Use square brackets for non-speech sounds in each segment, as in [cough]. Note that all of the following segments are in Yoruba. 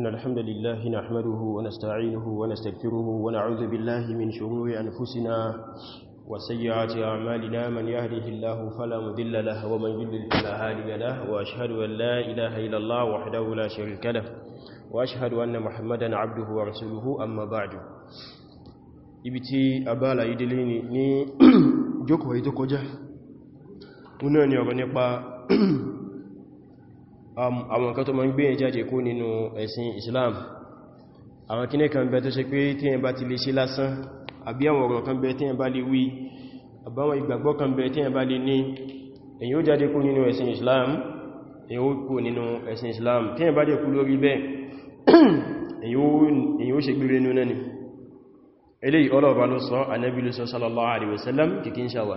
إن الحمد لله نحمده ونستعينه ونستغفره ونعوذ بالله من شرور أنفسنا وسيئات أعمالنا من يهده الله فلا مذل له ومن يضلل فلا هادي له وأشهد أن لا إله إلا الله وحده لا شريك له وأشهد أن محمدا عبده ورسوله أما بعد إبتي أبالا يدليني ني joko itoko ja una ni [clears throat] [clears throat] Um, àwọn nǹkan tó ma ń gbé yẹn jáde kó nínú ẹ̀sìn Islam àwọn kíní kan bẹ tó ṣe pé tí yẹn bá ti lè ṣe lásán àbí àwọn ọ̀rọ̀ kan bẹ tí yẹn bá lè wí àbáwọn ìgbàgbọ́ kan bẹ tí yẹn bá lè ní èyí ó jáde kó nínú ẹ̀sìn Islam èyí ó kó nínú ẹ̀sìn Islam tí yẹn bá dẹ̀ kú lórí bẹ́ẹ̀ [clears throat] èyí ó ṣe gbére nú náà ni eléyìí ọlọ́ọ̀bá ló sọ Ànábì ló sọ sallallahu alaihi wasallam kìkín ṣàwà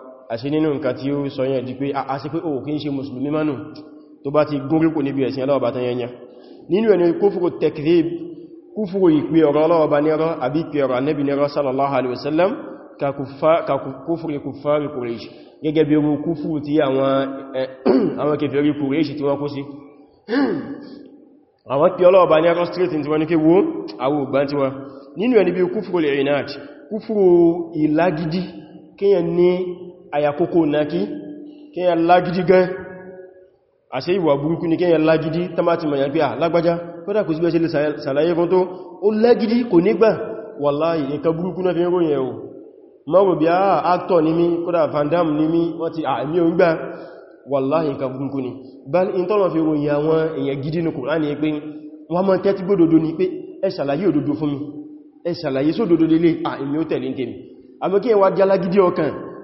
àṣí nínú nǹkan tí ó sọ yẹn pé a ah, sí pé o kí ń ṣe musulmi mánù tó bá ti gúnríkò níbi ẹ̀sìn aláwọ̀bá tán yẹnyẹ nínú ẹni kúfùrù tekzib kúfùrù ìpé ọ̀rọ̀ aláwọ̀bá nírọ́ àbí ìpé ọ̀rọ̀ annabi nírọ́ sallallahu alaihi wasallam ka kúfùrù kùfàrí kùrèṣì gẹ́gẹ́ bí eh, [clears throat] straight tí wọ́n ní kí wo àwọn ògbá tí wọ́n nínú ẹni bí kíyàn ní àyàkókò náàkí kí yẹn lágídí gan àṣẹ ìwà burúkú ni kí yẹn lágídí tamati ma yàgbé à lágbájá kódà kò sí bẹ́ẹ̀ ṣe sàlàyé fún tó ó lágídí kò nígbà wàláhì nǹkan burúkú náà fi ń ròyìn ẹ̀wò mọ́rò bí àà actor ni mí kódà Van ni mí àmì ni bá in tọ́lọ̀ fi ròyìn àwọn èèyàn gidi ní ni pé ẹ ṣàlàyé òdodo fún mi ẹ ṣàlàyé sódodo lélé kí ẹ wá jálá ọkàn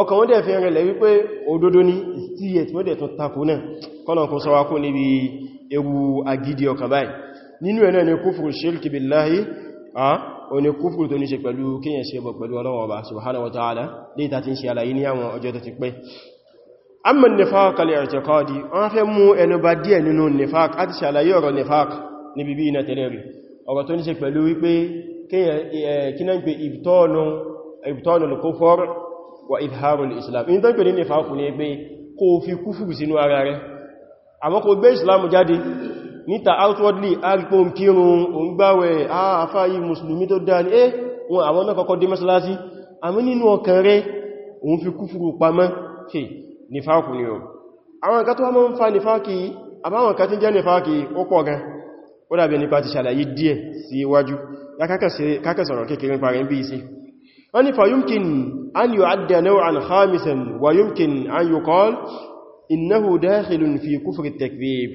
ọkàn wọ́n dẹ̀ fi rẹ̀lẹ̀ wípé òdodo ní ìstíyẹ̀tì wọ́n dẹ̀ tó takò náà kọ́nàkùn sọ wákó níbi ewu agidi ọkàn báyìí nínú ẹ̀ ni kúfùrù ṣírkì billahi a o ni kúfùrù tó ní ṣe pẹ̀lú kíyàn ṣe bọ̀ pẹ̀lú Ọlọ́run Ọba subhanahu wa ta'ala lè ta ti ń ṣe àlàyé ní àwọn ọjọ́ tó ti pẹ́ amma nifaq al-i'tiqadi wọ́n fẹ́ mú ẹnu bà díẹ̀ nínú nifaq àti ṣàlàyé wa idharul islam in tan pè ní nifaku ni pé kó fi kúfùrù sínú ara rẹ̀ àmọ́ kó gbé islam jáde níta outwardly aripo ń kírun òun gbáwẹ̀ àfáyí musulmi tó dáa ní eh wọn àwọn náà kọ́kọ́ dé mẹ́sàlásí àmì nínú ọkàn rẹ̀ òun fi ni o àwọn nǹkan tó wá mọ́ fa nifaki àbáwọn nǹkan tí jẹ́ nifaki ó pọ̀ gan ó dàbí nípa ti ṣàlàyé díẹ̀ sí iwájú ya kákẹsọ̀rọ̀ kékeré parí bí i sí wọ́n ni fayumkin an yu'adda naw'an khamisan wa yumkin an yuqal innahu dakhilun fi kufri at-takdhib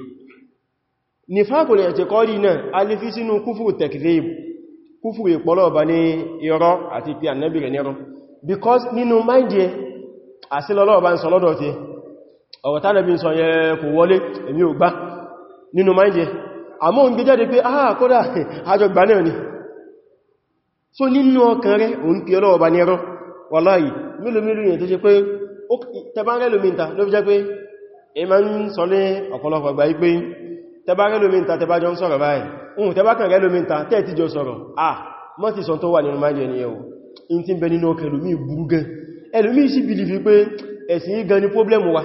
nifaq al-i'tiqadi náà alifi sínú kufru at-takdhib kufru ìpọlọba ní irọ́ àti pé annabi rẹ̀ nírọ́ because nínú máìdíẹ̀ àsílọ́lọ́ọ̀bá ń sọ lọ́dọ̀ tí ọ̀wọ̀ tánàbí ń sọ yẹ kò wọlé èmi ò gbà nínú máìdíẹ̀ àmọ́ ń gbé jáde pé ah kódà àjọgbà náà ni so nínú ọkàn rẹ̀ o ń pè ọlọ́ọ̀bá ní ẹran wàláyì mílòmílò yẹn tó ṣe pé tẹbárẹ́ lómìntà ló fi jẹ́ pé ẹ ma ń sọ lé ọ̀pọ̀lọpọ̀ gbà pé tẹbárẹ́ lómìntà tẹbá ń sọ̀rọ̀ báyìí ah mọ́ ti sọ tó wà nínú máìlì ẹni ẹ̀wọ̀ in ti bẹ nínú ọkàn ẹlòmí burú wa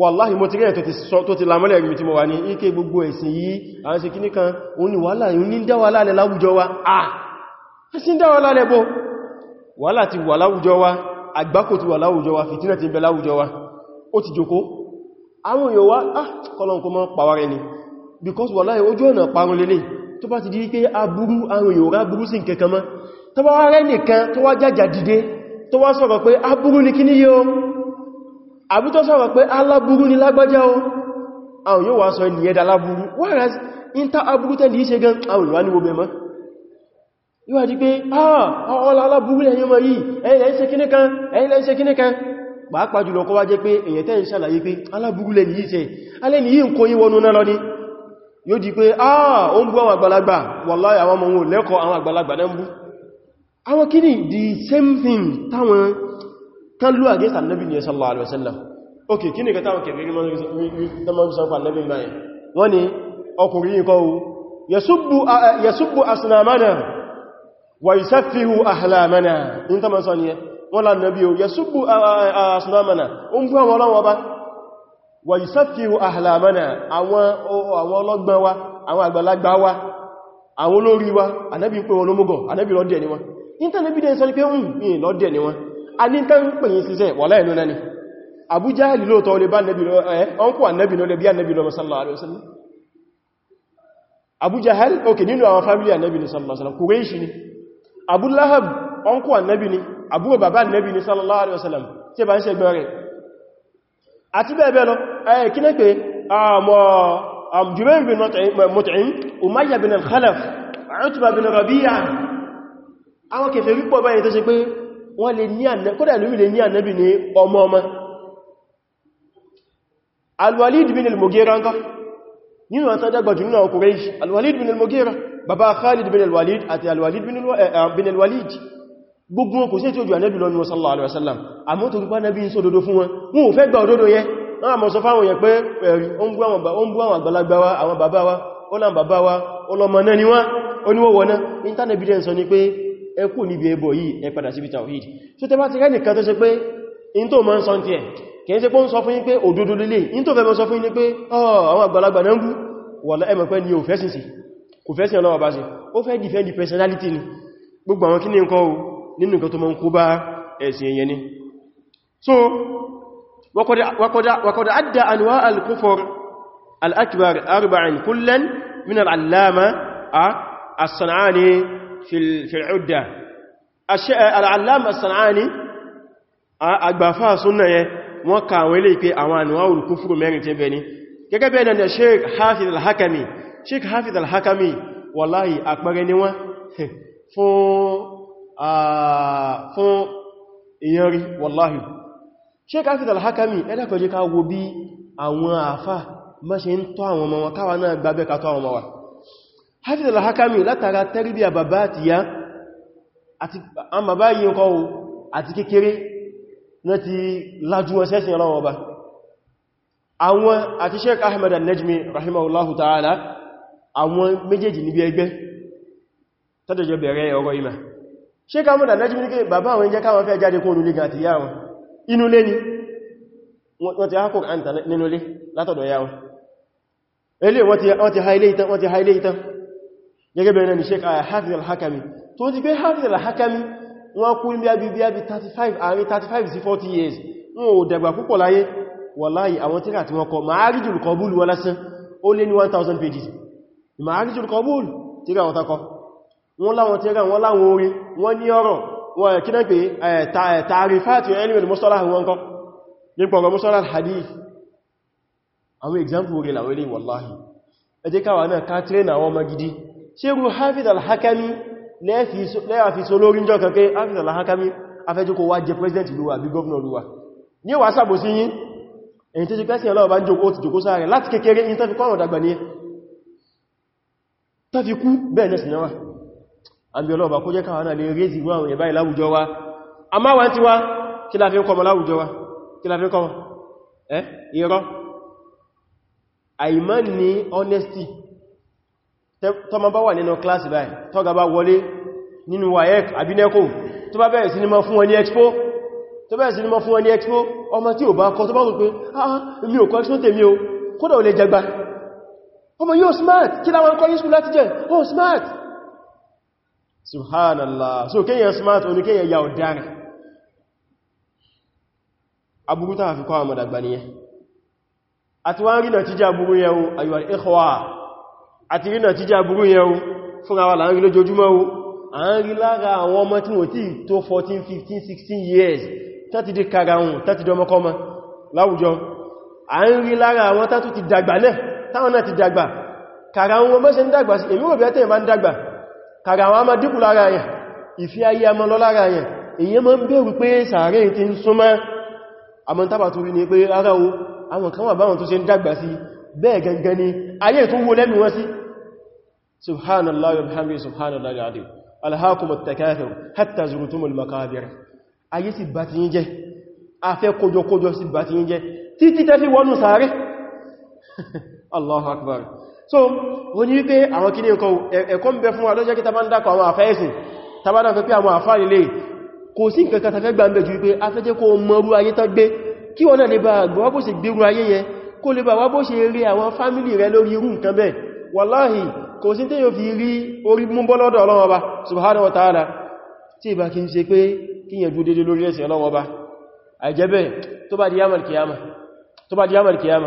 wàláhì mo ti rẹ̀ tó ti lámọ́lẹ̀ ẹ̀gbì tí mo wà ní ike gbogbo ẹ̀sìn yìí àwọn ṣe kíníkan òun ni wàhálà ìhun ní dáwà láàrẹ láwùjọ wa ah sí dáwà lálẹ́bọ́ wàhálà ti wà láwùjọ wa àgbákò ti wà láwùjọ wa fìtínà ti bẹ láwùjọ wa ó ti jòkó àwọn èèyàn wá ah kọlọ̀nkọ mọ́ pàwárẹ ni because wà láyé ojú ọ̀nà parun lélẹ̀ tó bá ti di pé aburú àwọn èèyàn rá burú sí nǹkan kan mọ́ tó bá rẹ́ nìkan tó wá jàjà dìde tó ni kí ní yíó àbí tó ni lágbájá o whereas inter aburú tẹ́lì í ṣe gan àwọn ìwá yóò wá di pé alábúrúlẹ̀ yíò mọ̀ yìí ẹ̀yìnlẹ̀ ń ṣe kíní kan ẹ̀yìnlẹ̀ ń ṣe kíní kan pàápàá jùlọ kó wá jẹ́ pé èyàn tẹ́ ìṣàlàyé pé alábúrúlẹ̀ yìí ṣe alẹ́ ni yìí ń kó yí wọnú náà lọ ní yóò di pé ah o ń bú àwọn àgbàlagbà wallahi àwọn ọmọ wọn lẹ́kọ̀ọ́ àwọn àgbàlagbà náà ń bú àwọn kíní the same thing táwọn tán lú àgẹ́sà nabi ni sallallahu alaihi wasallam ok kíní ka táwọn kẹfẹ́rí mọ́ sọ́fà nabi báyìí wọ́n ni ọkùnrin kọ́ yasubbu asnamana ويسفه أحلامنا انت ما صنية ولا النبي يسب أصنامنا أمبوا ولا وبا ويسفه أحلامنا àwọn ọlọ́gbọ́n wa àwọn àgbàlagbà wa àwọn olórí wa ànábì ń pè wọn lómúgọ̀ ànábì lọ́dẹ̀ ni wọn níta níbi dẹ̀ sọ ní pé ń hmm, pè lọ́dẹ̀ ni wọn a ní ká ń pè yí síṣẹ́ wà láìnú náà ni àbújá ìlúòtọ́ olè bá ọkùn ànábì lọ́lẹ̀ bí ànábì lọ́mọ sallallahu alaihi wasallam Abu Lahab ọkù annabi ni àbúrò bàbá annabi ni sallallahu alaihi wasallam tí bá ń ṣe gbẹ̀rẹ̀ àti bẹ́ẹ̀bẹ́ẹ̀ lọ ẹ̀ kí náà pé àmọ́ um, Jubayr bin Mut'im Umayya bin al-Khalaf Utba bin Rabi'a àwọn kẹfẹ́ rí pọ̀ báyìí tó ṣe pé wọ́n lè ní annabi kódà lórí lè ní annabi ní bin al-Mughira bàbá Khalid bin al-Walid àti alwalid walid eh, eh, bin al-Walid gbogbo wọn kò sí tí ó jù ànẹ́bì lọ níwọ̀ sallallahu alaihi wasallam àmọ́ tó gbá nẹ́bí ń sọ òdodo fún wọn wọn ò fẹ́ gba òdodo yẹn wọ́n àmọ́ sọ fáwọn yẹn pé ó ni wọ́n oníwọ̀wọ̀ náà tawhid so tẹ bá ti rẹ́nì kan tó ṣe pé in tó mọ́ ń sọ tí ẹ̀ kìí ṣe pé ń sọ fún yín pé òdodo lélẹ̀ in tó fẹ́ mọ́ sọ fún yín ni pé àwọn àgbàlagbà náà ń bú wọ̀lá ẹmọ̀ pẹ́ ni ò fẹ́ sínsìn kò fẹ́ sí ọlọ́wọ́ bá ṣe ó fẹ́ defend personality ni gbogbo àwọn kíní nǹkan nínú nǹkan tó mọ́ ń kó bá ẹ̀sìn èyẹ ni so wakọ̀dá adda anwa al-kufur al-akbar arba'in kullan min al-allama a as-san'ani fil-udda al-allama as-san'ani agbafa sunna yẹ wọ́n kàwẹ́lẹ́ pé àwọn anwa al mẹ́rin tẹ́bẹ̀ ni gẹ́gẹ́ bẹ́ẹ̀ na sheikh hafiz al-hakami sheik hafiz al-hakami wallahi àpẹẹrẹ ni wọ́n [laughs] fún èyàn rí wallahi sheik hafiz al-hakami ẹlẹ́kọ̀ọ́jẹ́ ká wo bí àwọn àfá má ṣe ń tọ́ àwọn ọmọ wọn káwa náà gbábẹ́ ká tọ́ àwọn ọmọ wa hafiz al-hakami látara tẹ́rìbíà bàbá àti ya àti àmàbá yìí ń kọ́ àti kékeré náà ti lájú wọn ọlọ́wọ́ ọba àwọn àti sheik ahmed al-najmi rahimahullahu ta'ala àwọn méjèèjì níbi ẹgbẹ́ tọ́jọjọ bẹ̀rẹ̀ ọ̀rọ̀ ìmà ṣe ká mọ́dà náà jímí nígbé bàbá àwọn jẹ́ káwọn fẹ́ jáde kún olùlé gàtí yá wọn inú lé ní wọ́n ti hákùn àǹtà nínú lé látọ̀dọ̀ yá wọn ilé wọ́n ti ha ilé ìtàn hakami tó ti gbé Hafiz hakami wọ́n kú ní bí i 35 àárín 35 sí years wọn ò dẹ̀gbà púpọ̀ láyé wàláyé àwọn tíra tí wọ́n kọ máa rí jùlùkọ búlù wọ́n ní 1000 pages ma'arijul qabul tíra wọn takọ wọn láwọn tíra wọn láwọn orin wọn ní ọ̀rọ̀ wọn kí náà pé tààrífàtí ẹlùmí mustalah wọn kọ́ nípa ọ̀rọ̀ mustalah hadith àwọn example orin àwọn ilé wallahi ẹ jẹ́ káwà náà ká tíra náà wọn magidi ṣe rú hafiz al-hakami lẹ́yà fi so lórí wa bí gọ́ọ̀nà ìlú wa ní wà sábò sí yí èyí tó ti pẹ́sìn ọlọ́ọ̀bá jókòó ti jókòó sáà rẹ̀ láti kékeré tàbí kú bẹ́ẹ̀ lẹ́sìn náà àbí ọlọ́ọ̀bà kó jẹ́ káwọn náà lè rézi ìwọ̀n àwọn ìbáyìí láwùjọ wa a máa wá ń ti wá kí la fi ń kọmọ láwùjọ wa kí la fi ń kọmọ ẹ́ irọ́ àìmọ́ ní honesty tọ́mọ bá wà nínú class báyìí tọ́ga bá wọlé nínú wayek àbí neko tó expo tó bẹ̀rẹ̀ expo ọmọ tí ò bá kọ tó bá rò pé ah mi ọmọ yóò smart kí láwọn kọ́ yíṣù láti jẹ́ oh smart subhanallah so kíyàn smart o ní kíyàn ya ọ̀dára aburú tàà fi kọ́ àmọ́ dàgbà ní ẹ àti wọ́n rí nà tíjà aburú yẹ o ayò al-ikhwa àti rí nà tíjà aburú yẹ o fún àwà láàrin lójoojúmọ́ o à ń rí lára àwọn ọmọ tí wọ́n tí tó 14 15 16 years tàti di karahun tàti dọmọkọmọ láwùjọ à ń rí lára àwọn tàtù ti dàgbà náà táwọn náà ti dàgbà kàrà wọn bọ́ ṣe ń dàgbà sí èmi òbí àtẹ́yìn bá ń dàgbà kàrà wọn a máa dínkù lára yẹn ìfẹ́ ayé a lọ lára yẹn èyí máa ń bẹ̀rù pé sàárẹ̀ ti ń súnmọ́ àmọ́ ní pé ara àwọn kan báwọn tó ṣe ń dàgbà sí bẹ́ẹ̀ gangan ni ayé tó wó lẹ́nu Allah Akbar so o ní wípé àwọn kí ní ẹ̀kọ́ ẹ̀kọ́ ń bẹ fún wa lọ́jọ́ kí ta bá ń dákọ̀ àwọn àfẹ́ ẹ̀sìn ta bá dákọ̀ pé àwọn àfá ilé kò sí nǹkan kan tafẹ́ gbà ń bẹ̀ jù wípé a fẹ́ jẹ́ kó mọrú ayé tán gbé kí wọ́n náà lè bá gbọ́ bó ṣe gbérú ayé yẹn kó lè bá wá bó ṣe rí àwọn fámílì rẹ lórí irú nǹkan bẹ́ẹ̀ wàláhì kò sí tí yóò fi rí orí mú bọ́ lọ́dọ̀ Ọlọ́run Ọba subhanahu wa ta'ala tí ìbá kí ń ṣe pé kí yẹn dúdé lórí ẹ̀sìn Ọlọ́run Ọba àìjẹ́bẹ̀ tó bá di yamal kiyama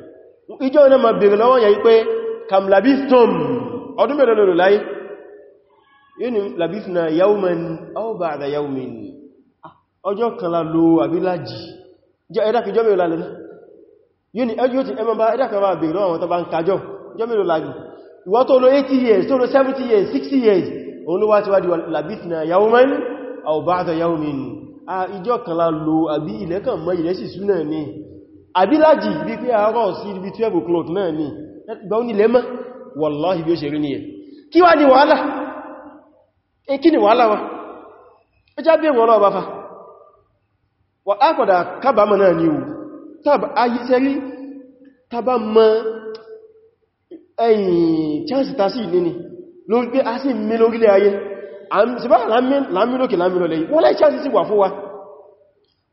ìjọ ọ̀nà ma bèèrè lọ́wọ́ yẹ̀ pé kam labistum ọdún mẹ́rin lòrò láyé yìí labisna yawman aw ba'da yawmin ah, ọjọ́ kan la lo àbílájì ẹ̀dàkìjọ́ mẹ́rin lálẹ́ yìí ni ẹjọ́ ti ẹmọ́ bá ẹ̀dàkìjọ́ ma bèèrè lọ́wọ́ tó bá ń kájọ́ jọ́ mẹ́rin láyé ìwọ years tó years 60 years òun ló wá ti wá di labisna yawman aw ba'da yawmin ah, ìjọ kan lo àbí ilẹ̀ kan mọ́ ilẹ̀ ni àbílájì bí pé àárọ̀ sí ibi 12 o'clock náà ni gbà ó nílẹ̀ mọ́ wàláhì bí ó ṣe rí nìyẹn kí wá ní wàhálà e kí ni wàhálà wa ó já bí wọn lọ́ọ̀bá fa wà ápàdà kábàmọ̀ náà ni ohun tàbí ayíṣẹ́rí tàbá mọ́ ẹ̀yìn chance tasí nini lórí pé a sì mí lórílẹ̀ ayé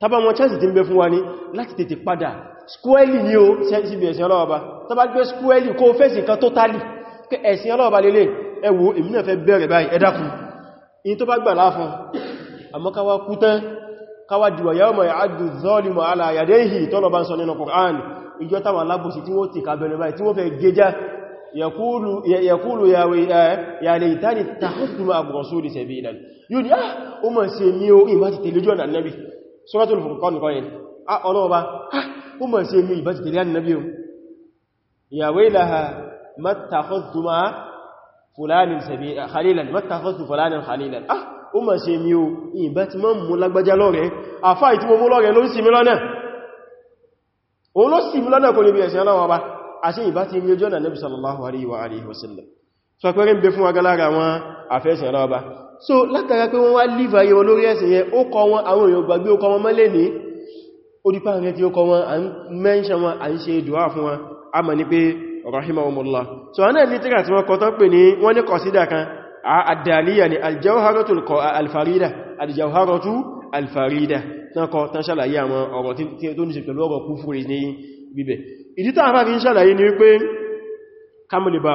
tàbá wọn chance ti ń bẹ fún wa ní láti tètè padà squarely ní o síbi ẹ̀sìn ọlọ́ọ̀bá tàbá gbé squarely kó fẹ́sì kan totally pé ẹ̀sìn ọlọ́ọ̀bá lélẹ̀ ẹ wò èmi náà fẹ́ bẹ̀rẹ̀ báyìí ẹ dákun in tó bá gbà láàfún àmọ́ káwà kú tán káwà dìwà yawma ya'addu adh-dhalimu 'ala yadayhi tọ́lọ bá ń ya laytani ittakhadhtu ma'a ar-rasuli sabila ah ó mọ̀ sí mi ó ìmá ti tẹ̀lé jọ́nà nábì suratul furqan nìkan yẹn ọlọ́ọba ah, ó mọ̀ sí èmì ìbá ti tẹ̀lé ànìyàn o ya waylaha mattakhadhtu ma fulanin khalilan mattakhadhtu fulanin khalilan ah ó mọ̀ sí èmì o ìbá ti mọ́ mú lágbájá lọ́rẹ̀ àfá ìtí mo mú lọ́rẹ̀ ló sì mí lọ́nà òun ló sì mí lọ́nà kò lè bí ẹ̀sẹ̀ ọlọ́ọba àṣí ìbá ti rí ojú ọ̀nà nabi sallallahu alaihi so látara pé wọ́n wá lífà yíwọn lórí ẹ̀sìn yẹn ó kọ wọn àwọn èèyàn gbàgbé ó kọ wọn mọ́lẹ̀ ní orípa rẹ̀ tí ó kọ wọn à ń mẹ́ṣẹ́ wọn à ń ṣe dùá fún wọn a mọ̀ ní pé rahimahumullah so a náà ní tíra tí wọ́n kọ tán pè ní wọ́n ní kọ̀sídà kan a àdàlíyà ni aljawharatul alfarida aljawharatu alfarida tán kọ tán ṣàlàyé àwọn ọ̀rọ̀ tó ní ṣe pẹ̀lú ọ̀rọ̀ kúfúrí ní bíbẹ̀ ìdí tàà bá fi ń ṣàlàyé ni wípé kamulibà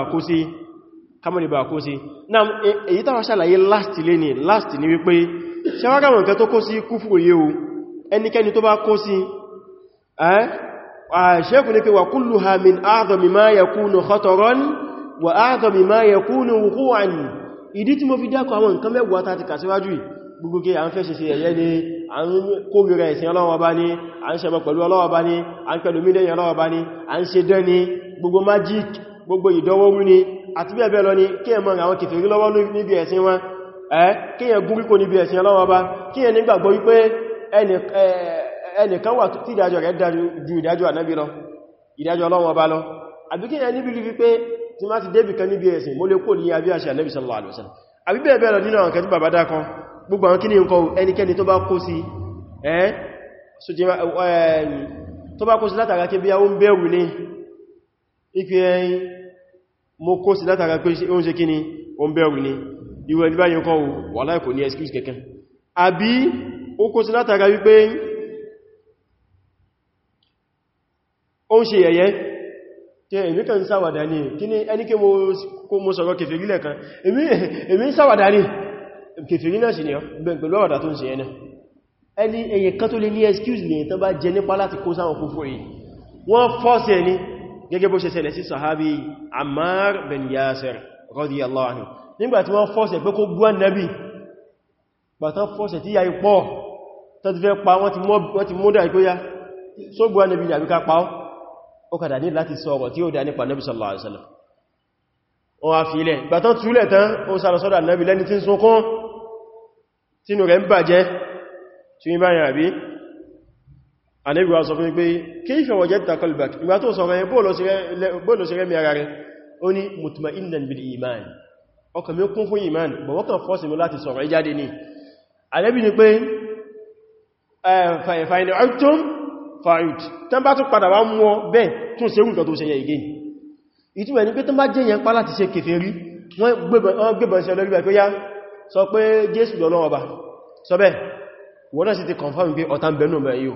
kamọ́lì bá kó sí náà e, èyí tàwọn ṣàlàyé last lé ní last ní wípé ṣẹwàgàmọ̀ nǹkan tó kó sí kúfùrù yé o ẹnikẹ́ni tó bá kó sí ṣẹ́kù ní pé wà kúlù ha min áàdọ̀mì máa yẹ kúnù khataran wà áàdọ̀mì máa yẹ kúnù wùkúwàn ìdí tí mo fi dákọ̀ àwọn nǹkan mẹ́wàá tàti kàsíwájú gbogbo kí a ń sí ẹ̀yẹ́ ni a ń kómìnira ìsìn ọlọ́wọ́ bá ní a ń ṣẹmọ pẹ̀lú ọlọ́wọ́ bá ní a ń pẹ̀lú mídẹ́yìn ọlọ́wọ́ bá ní a ń ṣe dán ní gbogbo magic gbogbo ìdánwò ní àti bẹ́ẹ̀ bẹ́ẹ̀ lọ ni kí ẹ mọ́ àwọn kèfèrí lọ́wọ́ níbi ẹ̀sìn wọn ẹ́ kí ẹ gúrí kò níbi ẹ̀sìn ọlọ́wọ́ bá kí ẹ nígbàgbọ́ wípé ẹnìkan wà tí ìdájọ́ rẹ̀ ju ìdájọ́ ànábí lọ ìdájọ́ ọlọ́wọ́ bá lọ àbí kí ẹ níbi rí wípé tí má ti débì kan níbi ẹ̀sìn mo lè kò ní abí àṣẹ ànábí sallallahu alaihi wasallam àbí bẹ́ẹ̀ bẹ́ẹ̀ lọ nínú àwọn kẹtí bàbá dákan gbogbo àwọn kíní nǹkan ẹnikẹ́ni tó bá kó sí ẹ́ tó bá kó sí látara kí bí i àwọn bẹ̀rù ní ìpẹ́ ẹ̀yìn mo kó sí látara pé ó ń ṣe kí ni ó ń bẹ̀rù ni ìwẹ̀ ní báyìí kọ́ wàláhì kò ní excuse kẹ́kẹ́ àbí ó kó sí látara wípé ó ń ṣe yẹ̀yẹ́ tẹ èmi kàn ń ṣàwàdà ní kí ní ẹni kí mo sọ̀rọ̀ kèfèrí lẹ́kan èmi ń ṣàwàdà ní kèfèrí náà sì ni pẹ̀lú àwàdà tó ń ṣe ẹni ẹni èyàn kan tó lè ní excuse lè tán bá jẹ nípa láti kó sáwọn fúnfún yìí wọ́n fọ́ọ̀sì ẹni gẹ́gẹ́ bó ṣe ṣẹlẹ̀ sí sahabi ammar bin yasir radiyallahu anhu nígbàtí wọ́n fọ́sẹ̀ pé kó bú annabi bàtán fọ́sẹ̀ tí ya ipọ́ tọ́tífẹ́ pa wọ́n ti mọ́dá ìgbóyá só bú annabi ní àbíká pa ó kàdà ní láti sọ̀rọ̀ tí ó dá nípa annabi sallallahu alaihi wasallam wọ́n a fi ilẹ̀ bàtán túlẹ̀ tán ó sára tí ó anẹ́gbà sọ fún pé kayfa wajadta qalbak ìgbà tó sọ rẹ̀ bóòlò sí rẹ̀mí ara rẹ̀ ó ní mutma'innan bil iman ọkàn mi kún fún iman bọ̀ wọ́kàn fọ́sí mi láti sọ̀rọ̀ ìjáde ní anẹ́bì ni pé fa'in ọ̀tún fa'id tán bá tún padà wá mú ọ bẹ́ẹ̀ tún ṣe nǹkan tó ṣẹyẹ ìgé ìtumẹ̀ ni pé tán bá jẹyàn pa láti ṣe kèfèrí wọ́n gbébọn sí ọlọ́rí pé yá sọ pé Jésù lọ́lọ́wọ́ bá sọ bẹ́ẹ̀ wọ́n náà sì ti confirm pé ọ̀tá ń bẹ̀nù bẹ̀ yíò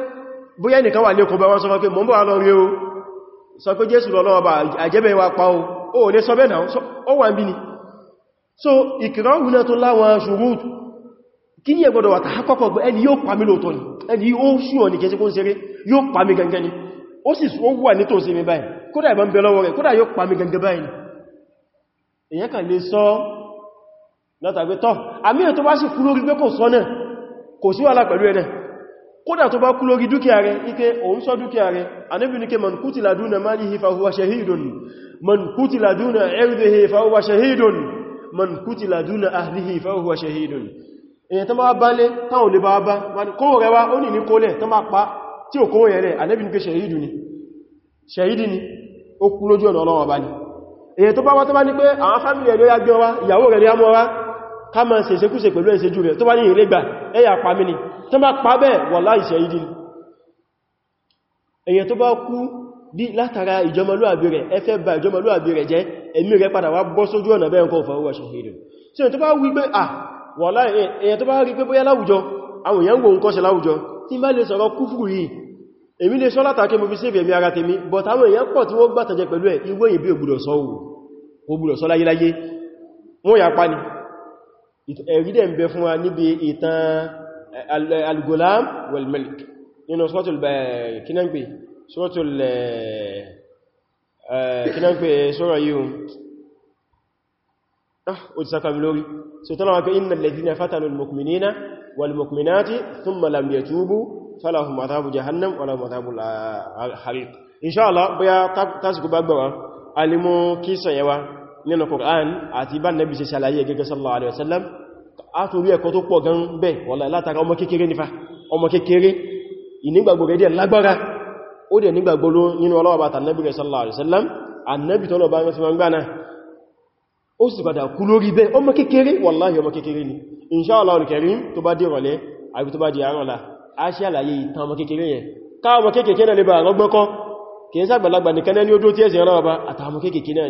bóyá nìkan wà ní okùnbẹ̀ wọn sọ pé mọ́ bọ́ lọ rí o sọ pé jésù lọ́lọ́wọ́ bá àjẹ́bẹ̀ wa pa o o lè sọ bẹ́ẹ̀ náà wà ń bí ni so ìkìrọ̀hù náà tó láwọn ṣùgbọ́n kí ní ẹgbọ́dọ̀ wà tàákọ́kọ́ gbẹ́ ẹni yóò pa mí lóòtọ́ ni ẹni yóò ṣùọ̀ ní kẹsí kó ń ṣeré yóò pa mí gangan ni ó sì ó wà ní tòsí mi báyìí kódà ìbọn bẹ lọ́wọ́ rẹ̀ kódà yóò pa mí gangan kódà tó bá kú lórí dúkìá rẹ̀ ike òun sọ dúkìá rẹ̀ Ànábì ní ke man kutila duna malihi fa huwa shahidun man kutila duna irdihi fa huwa shahidun man kutila duna ahlihi fa huwa shahidun èyàn tó máa bá lé táwọn lè bá bá kówò rẹ̀ wá ó ní ní kólẹ̀ tó máa pa tí ò kówò rẹ̀ Ànábì ní ke shahidu ni shahidi ni ó kú lójú ọ̀nà ọlọ́wọ̀ bá ní èyàn tó bá wá tó bá ní pé àwọn fámìlì ẹ̀lú ya gbẹ́ wá ìyàwó rẹ̀ ya mọ́ wá ká máa ṣe ṣekúṣe pẹ̀lú ẹ̀ṣẹ́jú rẹ̀ tó bá ní ìrẹ́gbà ẹ̀yà pàmìnì tó bá pàbẹ̀ wà láìsẹ̀ ìdí èyàn tó bá kú bí látara ìjọmọlúàbí rẹ̀ ẹfẹ́ bá ìjọmọlúàbí rẹ̀ jẹ́ ẹ̀mí rẹ̀ padà wá bọ́ sójú ọ̀nà bẹ́ẹ̀ nǹkan fàwọ́ ṣàfihàn tí èyàn tó bá wí pé à wàlá èyàn tó bá rí pé bóyá láwùjọ àwọn èyàn gbòhun kọ́ṣe láwùjọ tí bá lè sọ̀rọ̀ kúfùrù yìí èmi lè sọ látàkí mo fi sí ìfẹ̀mí ara tèmi but àwọn èyàn pọ̀ tí wọ́n gbàtàjẹ pẹ̀lú ẹ̀ ìwé ìbí ògbùdọ̀ sọ ògbùdọ̀ sọ láyéláyé wọ́n yà pa ni ẹ̀rí dẹ̀ ń bẹ fún wa níbi ìtàn al-gulam wal-malik nínú suratul eh, kinangbe suratul kinangbe sọ́rọ̀ yíò ó ti sákàmì lórí so tọ́lá wọn pé innal ladhina fatanu al-mu'minina wal-mu'minati thumma lam yatubu falahum adhabu jahannam wa lahum adhabul hariq inshallah bóyá tásìkò bá gbọ́ra alimu kí sọ̀yẹwa nínú Qur'an àti bá nabi sallallahu alaihi wasallam átorí ẹ̀kọ́ tó pọ̀ gan bẹ́ wọ́lá látara ọmọ kékeré nífà ọmọ kékeré ìnígbàgbọ́ rẹ̀ díẹ̀ lágbára ó dẹ̀ nígbàgbọ́ ló nínú ọlọ́ọ̀bá tànàbí rẹ̀ sallallahu alaihi wasallam annabi tọ́lọ̀ bá mẹ́fí wọn gbána ó sì padà kú lórí bẹ́ ọmọ kékeré wallahi ọmọ kékeré ni inshallah al-karim tó bá dé rọ̀lẹ́ àbí tó bá di àárọ̀lá a ṣe àlàyé ìtàn ọmọ kékeré yẹn ká